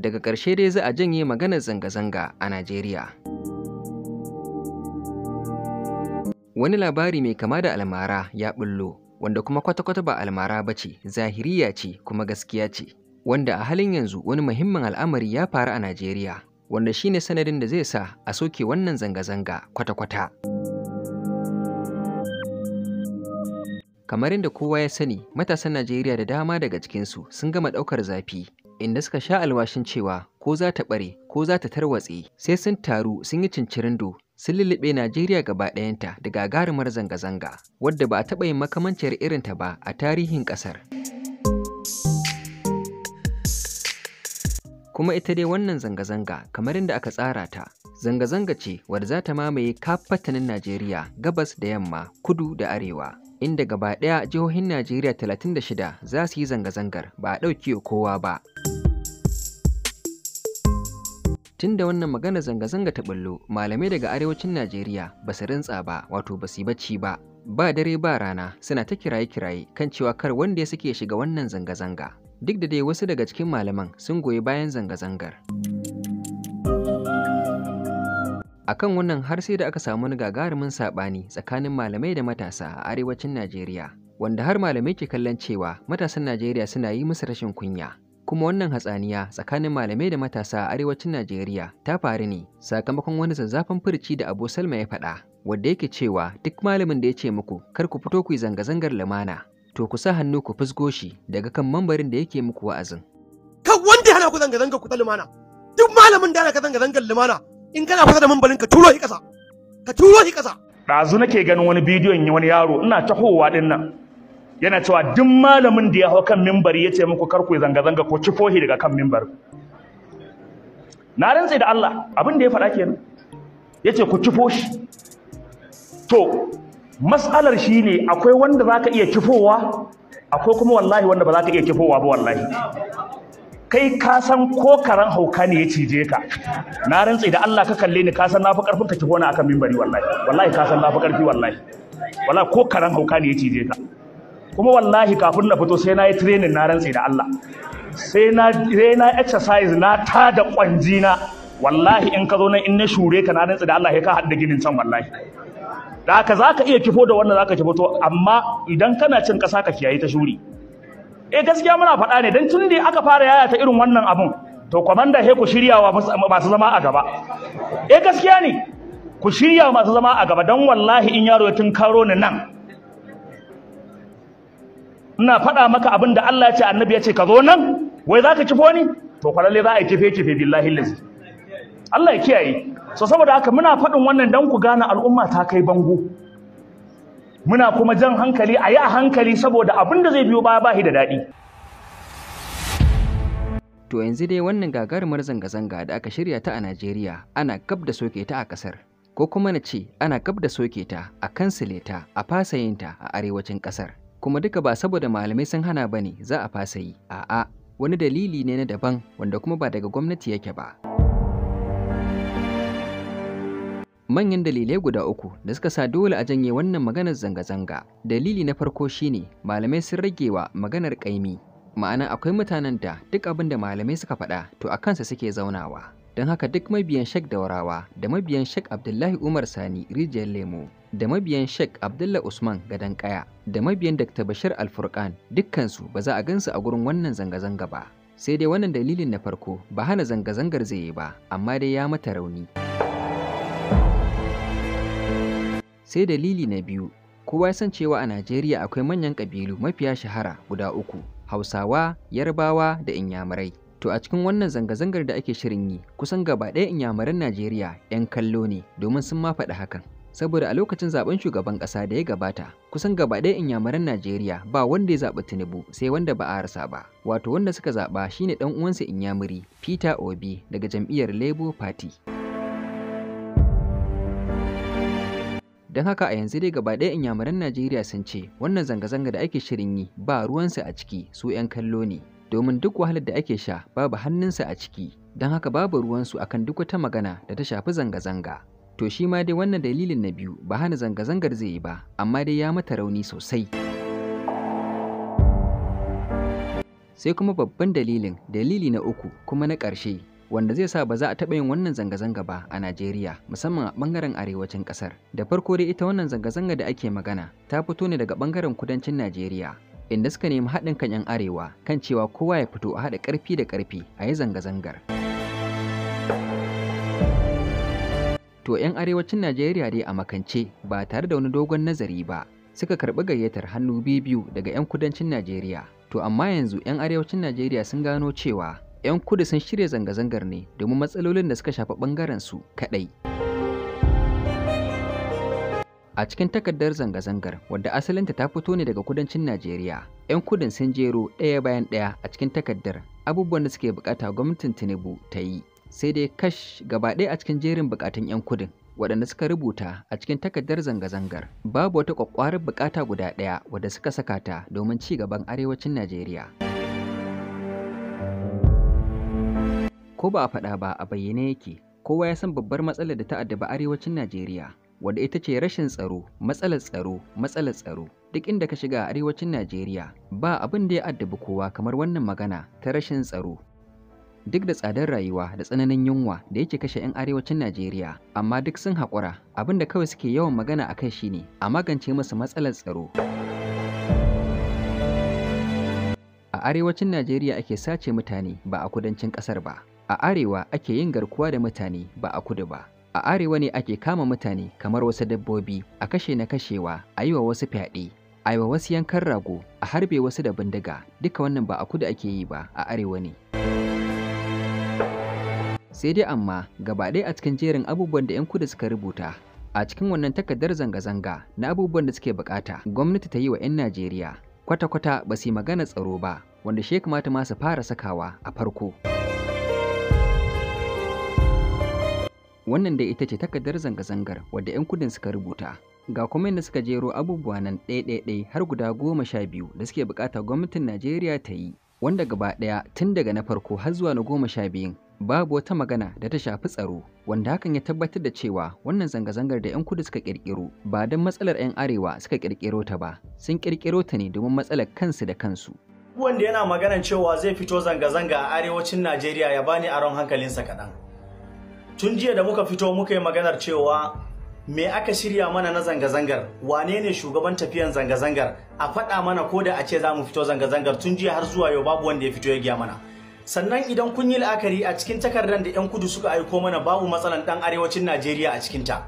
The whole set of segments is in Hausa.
daga ƙarshe dai za a janye maganar zanga-zanga a Najeriya. Wani labari mai kama da almara ya ɓullo, wanda kuma kwata-kwata ba almara ba ce, zahiriya ce kuma gaskiya ce, wanda a halin yanzu wani muhimmin al'amari ya faru a Najeriya, wanda shi ne sanadin da zai sa a soke wannan zanga-zanga kwata-kwata. kamar yadda kowa ya sani matasan najeriya da dama daga cikinsu sun gama ɗaukar zafi inda suka sha alwashin cewa ko za ta ɓare ko za ta tarwatse sai sun taru sun yi cincirindo sun lulluɓe Najeriya gaba ɗayanta da gagarumar zanga-zanga wadda ba a taɓa yin makamanciyar ta ba a tarihin ƙasar. Kuma ita dai wannan zanga-zanga kamar inda aka tsara ta, zanga-zanga ce wadda za ta mamaye kafatanin Najeriya gabas da yamma, kudu da arewa. inda gaba ɗaya jihohin Najeriya 36 za su yi zanga-zangar ba a ɗauki kowa ba. tun da wannan magana zanga-zanga ta ɓullo malamai daga arewacin najeriya ba su rintsa ba wato ba su bacci ba ba dare ba rana suna ta kiraye-kiraye kan cewa kar wanda ya suke shiga wannan zanga-zanga duk da dai wasu daga cikin malaman sun goyi bayan zanga-zangar A kan wannan har sai da aka samu wani gagarumin saɓani tsakanin malamai da matasa a arewacin najeriya wanda har malamai ke kallon cewa matasan najeriya suna yi musu rashin kunya kuma wannan hatsaniya tsakanin malamai da matasa a arewacin Najeriya ta faru ne sakamakon wani zazzafan furci da Abu Salma ya faɗa wanda yake cewa duk malamin da ya ce muku kar ku fito ku yi zanga-zangar lumana to ku sa hannu ku fusgo shi daga kan mambarin da yake muku wa'azin. Kan wanda hana ku zanga-zanga ku ta lumana duk malamin da yana ka zanga-zangar lumana in kana kusa da mambarin ka turo shi ƙasa ka turo shi ƙasa. Ɗazu nake ganin wani bidiyon wani yaro ina tahowa ɗin nan yana cewa duk malamin da ya hau kan mimbari ya ce muku karku zanga-zanga ko cifohi daga kan mimbar na rantse da Allah abin da ya faɗa kenan ya ce ku cifo shi to mas'alar shi ne akwai wanda za ka iya cifowa akwai kuma wallahi wanda ba za ka iya cifowa ba wallahi kai ka san ko karan hauka ne ya cije ka na rantse da Allah ka kalle ni ka san na fi karfin ka cifo na akan mimbari wallahi wallahi ka san na fi karfi wallahi wallahi ko karan hauka ne ya cije ka kuma wallahi kafin na fito sai na yi training na rantse da Allah sai na exercise na ta da kwanji na wallahi in ka zo nan in na shure ka na rantsi da Allah ya ka hadda ginin can wallahi da haka zaka iya kifo da wannan zaka kifo to amma idan kana cin kasa ka kiyaye ta shuri eh gaskiya muna faɗa ne dan tun da aka fara yaya ta irin wannan abun to commander he ku shirya wa masu zama a gaba eh gaskiya ne ku shirya masu zama a gaba dan wallahi in yaro ya karo ni nan ina faɗa maka abin da Allah ya ce annabi ya ce ka zo nan wai zaka kifo ni to kwararre za a yi kife kife billahi lazi Allah ya kiyaye so saboda haka muna faɗin wannan dan ku gane al'umma ta kai bango muna kuma jan hankali a yi a hankali saboda abin da zai biyo baya bahi da daɗi. To yanzu dai wannan gagarumar zanga-zanga da aka shirya ta a Najeriya ana gab da soke ta a ƙasar, ko kuma na ce ana gab da soke ta a kansile ta a fasayinta a arewacin ƙasar. kuma duka ba saboda malamai sun hana ba ne za a fasa yi a'a wani dalili ne na daban wanda kuma ba daga gwamnati yake ba manyan dalilai guda uku da suka sa dole a janye wannan maganar zanga-zanga dalili na farko shine malamai sun rage wa maganar kaimi ma'ana akwai mutanen da duk abin da malamai suka faɗa to a kansa suke zaunawa don haka duk mabiyan Sheikh Daurawa da mabiyan Sheikh Abdullahi Umar Sani rijiyar lemo da mabiyan Sheikh Abdullah Usman gadan kaya da mabiyan Dr. Bashir Alfurkan dukkansu ba za a gansu a gurin wannan zanga-zanga ba. sai dai wannan dalilin na farko ba hana zanga-zangar zai yi ba amma dai ya mata rauni sai dalili na biyu kowa ya san cewa a najeriya akwai manyan ƙabilu mafiya shahara guda uku hausawa yarbawa da inyamurai To a cikin wannan zanga-zangar da ake shirin yi, kusan gaba ɗaya inyamuran Najeriya 'yan kallo ne domin sun ma faɗi hakan. Saboda a lokacin zaɓen shugaban ƙasa da ya gabata, kusan gaba ɗaya inyamuran Najeriya ba wanda ya zaɓi Tinubu sai wanda ba a rasa ba. Wato wanda suka zaɓa shi ne ɗan uwansa inyamuri Peter Obi daga jam'iyyar Labour Party. Don haka a yanzu dai gaba ɗaya inyamuran Najeriya sun ce wannan zanga-zanga da ake shirin yi ba ruwansu a ciki su 'yan kallo ne. domin duk wahalar da ake sha babu hannunsa a ciki don haka babu ruwansu a kan duk wata magana da ta shafi zanga-zanga to shi ma dai wannan dalilin na biyu ba hana zanga-zangar zai yi ba amma dai ya mata rauni sosai sai kuma babban dalilin dalili na uku kuma na ƙarshe wanda zai sa ba za a taɓa yin wannan zanga-zanga ba a Najeriya musamman a ɓangaren arewacin ƙasar. Da farko dai ita wannan zanga-zanga da ake magana ta fito ne daga ɓangaren kudancin Najeriya inda suka nemi haɗin kan 'yan arewa kan cewa kowa ya fito a haɗa ƙarfi da ƙarfi a yi zanga-zangar. To 'yan arewacin Najeriya dai a makance ba tare da wani dogon nazari ba suka karɓi gayyatar hannu biyu daga 'yan kudancin Najeriya. To amma yanzu 'yan arewacin Najeriya sun gano cewa 'yan kudu sun shirya zanga-zangar ne domin matsalolin da suka shafi ɓangaren su kaɗai. a cikin takardar zanga-zangar wadda asalinta ta fito ne daga kudancin najeriya 'yan kudin sun jero ɗaya bayan ɗaya a cikin takardar abubuwan da suke bukata gwamnatin tinubu ta yi sai dai kash gaba ɗaya a cikin jerin bukatun 'yan kudin waɗanda suka rubuta a cikin takardar zanga-zangar babu wata ƙwaƙƙwarar bukata guda ɗaya wadda suka saka ta domin ci gaban arewacin najeriya ko ba a faɗa ba a bayyane yake kowa ya san babbar matsalar da ta addaba arewacin najeriya wadda ita ce rashin tsaro, matsalar tsaro, matsalar tsaro. Duk inda ka shiga a arewacin Najeriya ba abin da ya addabi kowa kamar wannan magana ta rashin tsaro. Duk da tsadar rayuwa da tsananin yunwa da yake kashe 'yan arewacin Najeriya, amma duk sun haƙura abin da kawai suke yawan magana a kai shine a magance musu matsalar tsaro. A arewacin Najeriya ake sace mutane ba a kudancin ƙasar ba. a arewa ake yin garkuwa da mutane ba a kudu ba a arewa ne ake kama mutane kamar wasu dabbobi a kashe na kashewa a yi wa wasu fyaɗe a yi wa wasu yankan rago a harbe wasu da bindiga duka wannan ba a kudu ake yi ba a arewa ne sai dai amma gaba ɗaya a cikin jerin abubuwan da 'yan kudu suka rubuta a cikin wannan takardar zanga-zanga na abubuwan da suke bukata gwamnati ta yi wa 'yan najeriya kwata-kwata ba su yi magana tsaro ba wanda shi ya kamata masu fara sakawa a farko. Wannan da ita ce takardar zanga-zangar wadda 'yan kudin suka rubuta. Ga kuma yadda suka jero abubuwa nan ɗaya-ɗaya har guda goma sha biyu da suke buƙata gwamnatin Najeriya ta yi, wanda gaba ɗaya tun daga na farko har zuwa na goma sha biyun babu wata magana da ta shafi tsaro wanda hakan ya tabbatar da cewa wannan zanga-zangar da 'yan kudu suka kirkiro ba don matsalar 'yan arewa suka kirkiro ta ba sun kirkiro ta ne domin matsalar kansu da kansu wanda yana maganar cewa zai fito zanga-zanga a arewacin najeriya ya bani aron hankalinsa kaɗan tun jiya da muka fito muka yi maganar cewa me aka shirya mana na zanga-zangar wane ne shugaban tafiyan zanga-zangar a faɗa mana ko da a ce za mu fito zanga-zangar tun jiya har zuwa yau babu wanda ya fito ya giya mana sannan idan kun yi la'akari a cikin takardar da 'yan kudu suka aiko mana babu matsalan ɗan arewacin najeriya a cikinta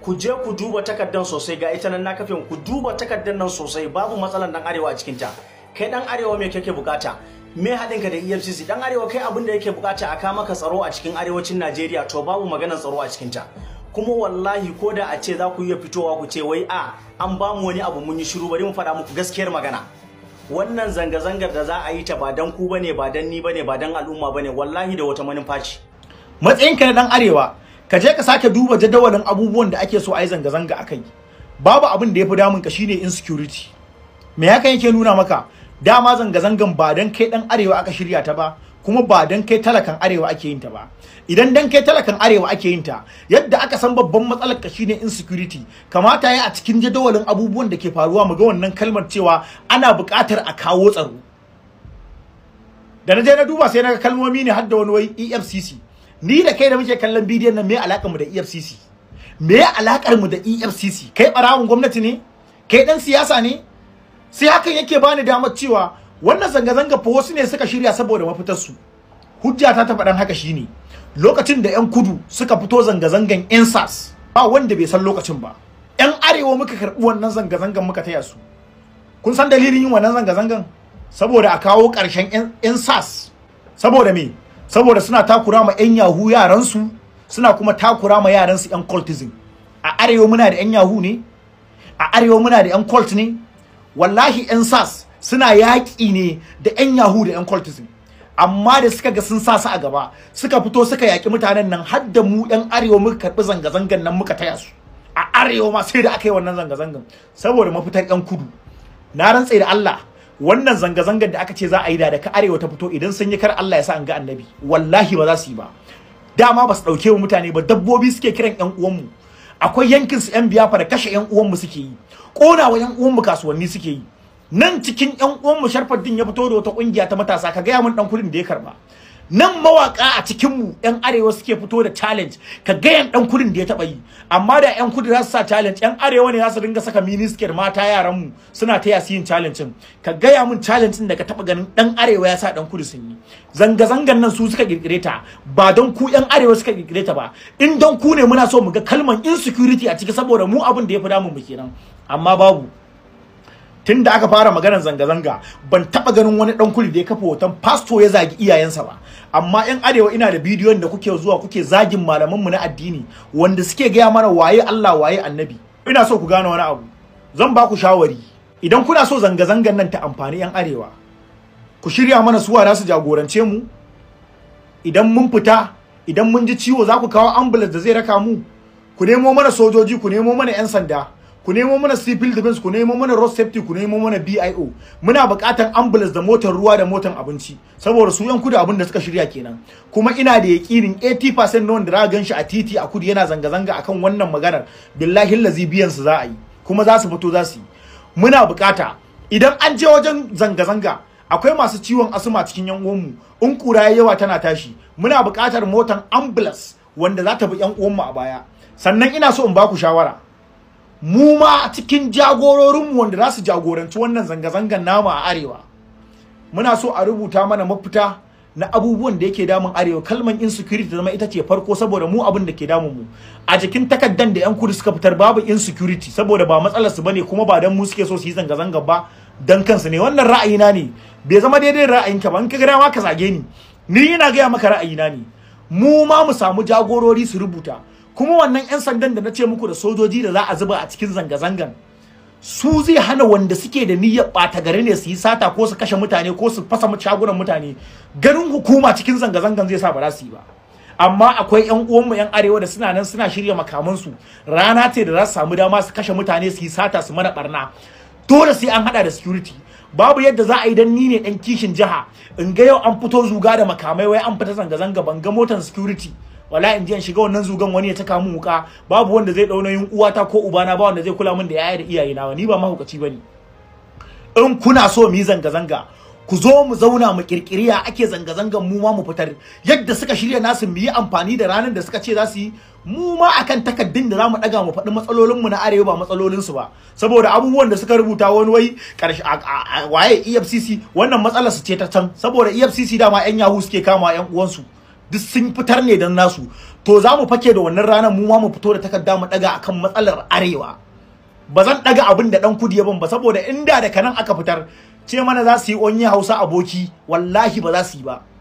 ku je ku duba takardar sosai ga ita nan na kafin ku duba takardar nan sosai babu matsalan ɗan arewa a cikinta kai ɗan arewa me kake bukata me haɗin ka da EFCC dan arewa kai abin da yake bukata a kama ka tsaro a cikin arewacin Najeriya to babu maganar tsaro a cikin ta kuma wallahi ko da a ce za ku iya fitowa ku ce wai a an ba mu wani abu mun yi shiru bari mu faɗa muku gaskiyar magana wannan zanga-zangar da za a yi ta ba dan ku bane ba dan ni bane ba dan al'umma bane wallahi da wata manufa ce matsayinka na dan arewa ka je ka sake duba jadawalin abubuwan da ake so a yi zanga-zanga akai babu abin da ya fi damun ka shine insecurity me haka yake nuna maka dama zanga-zangan ba don kai dan arewa aka shirya ta ba kuma ba don kai talakan arewa ake yin ta ba idan dan kai talakan arewa ake yin ta yadda aka san babban matsalar ka shine insecurity kamata ya a cikin jadawalin abubuwan da ke faruwa mu ga wannan kalmar cewa ana buƙatar a kawo tsaro da na je na duba sai na ga kalmomi ne har da wani wai EFCC ni da kai da muke kallon bidiyon nan me alakar mu da EFCC me alakar mu da EFCC kai ɓarawon gwamnati ne kai dan siyasa ne sai hakan yake bani damar cewa wannan zanga-zanga fa wasu ne suka shirya saboda mafitarsu hujja ta ta faɗan haka shine lokacin da 'yan kudu suka fito zanga-zangan 'yan sas ba wanda bai san lokacin ba 'yan arewa muka karɓi wannan zanga-zangan muka taya su kun san dalilin yin wannan zanga-zangan saboda a kawo ƙarshen 'yan sas saboda me saboda suna takura ma 'yan yahu yaransu suna kuma takura ma yaransu 'yan cultism a arewa muna da 'yan yahu ne a arewa muna da 'yan cult ne wallahi yan sas suna yaƙi ne da yan yahu da yan cultism amma da suka ga sun sa su a gaba suka fito suka yaƙi mutanen nan har da mu yan arewa muka karɓi zanga-zangan nan muka taya su a arewa ma sai da aka yi wannan zanga-zangan saboda mafitar yan kudu na rantse da Allah wannan zanga-zangar da aka ce za a yi da daga arewa ta fito idan sun yi kar Allah ya sa an ga annabi wallahi ba za su yi ba dama ba su ɗauke mu mutane ba dabbobi suke kiran yan mu. akwai yankin su yan biyafa da kashe yan uwanmu suke yi kona wa yan uwanmu kasuwanni suke yi nan cikin yan uwanmu sharfaddin ya fito da wata kungiya ta matasa ka gaya mun dan kudin da ya karba nan mawaka a cikin mu yan arewa suke fito da challenge ka ga yan ɗan kudin da ya taba yi amma da yan kudu za su sa challenge yan arewa ne za su dinga saka minister mata yaran mu suna ta su yin challenge ka ga ya mun challenge din da ka taba ganin ɗan arewa ya sa ɗan kudu sun yi zanga zangan nan su suka kirkire ta ba don ku yan arewa suka kirkire ta ba in don ku ne muna so mu ga kalman insecurity a ciki saboda mu abin da ya fi damun mu kenan amma babu tun da aka fara maganar zanga-zanga ban taba ganin wani ɗan kuli da ya kafa hoton pastor ya zagi iyayensa ba amma yan arewa ina da bidiyon da kuke zuwa kuke zagin malamanmu na addini wanda suke gaya mana waye Allah waye annabi ina so ku gane wani abu zan ba ku shawari idan kuna so zanga-zangan nan ta amfani yan arewa ku shirya mana suwa wara su jagorance mu idan mun fita idan mun ji ciwo za ku kawo ambulance da zai raka mu ku nemo mana sojoji ku nemo mana yan sanda ku nemo mana civil defense ku nemo mana road safety ku nemo mana BIO muna buƙatar ambulance da motar ruwa da motar abinci saboda su yan kudu abin da suka shirya kenan kuma ina da yakinin 80% na wanda za gan shi a titi a kudu yana zanga zanga akan wannan maganar billahi lazi biyan su za a yi kuma za su fito za su yi muna buƙata idan an je wajen zanga zanga akwai masu ciwon asuma cikin yan uwanmu in kura yawa tana tashi muna buƙatar motar ambulance wanda za ta bi yan uwanmu a baya sannan ina so in ba ku shawara mu ma cikin jagororinmu wanda za su jagoranci wannan zanga-zangan nama a arewa muna so a rubuta mana mafita na abubuwan da yake damun arewa kalman insecurity zama ita ce farko saboda mu abin da ke damun mu a jikin takaddan da yan kudu suka fitar babu insecurity saboda ba matsalar su bane kuma ba dan mu suke so su yi zanga zanga ba dan kansu ne wannan ra'ayina ne bai zama daidai ra'ayinka ba in ka ga ma ka zage ni ni ina ga maka ra'ayina ne mu ma mu samu jagorori su rubuta kuma wannan 'yan sandan da na ce muku da sojoji da za a zuba a cikin zanga-zangan su zai hana wanda suke da niyyar ɓata gari ne su yi sata ko su kashe mutane ko su fasa shagunan mutane garin hukuma cikin zanga-zangan zai sa ba za su yi ba amma akwai 'yan uwanmu 'yan arewa da suna nan suna shirya makamansu rana ce da za su samu dama su kashe mutane su yi sata su mana barna dole sai an hada da security babu yadda za a yi dan ni ne dan kishin jiha in ga yau an fito zuga da makamai wai an fita zanga-zanga ban ga motan security wala in ji an shiga wannan zugan wani ya taka min wuka babu wanda zai dauna yin uwata ko ubana ba wanda zai kula min da yaya da iyaye na ni ba mahaukaci bane in kuna so mu zanga zanga ku zo mu zauna mu kirkiriya ake zanga zangan mu ma mu fitar yadda suka shirya nasu mu yi amfani da ranar da suka ce za su yi mu ma akan takaddun da zamu daga mu faɗi matsalolin mu na arewa ba matsalolin su ba saboda abubuwan da suka rubuta wani wai karshe waye EFCC wannan matsalar su ce ta can saboda EFCC dama yan yahu suke kama yan uwansu duk sun fitar ne dan nasu to za mu fake da wannan ranar mu ma mu fito da takarda mu daga akan matsalar arewa ba zan daga abin da dan kudi ya ban ba saboda inda da kanan aka fitar ce mana za su yi onye hausa aboki wallahi ba za su yi ba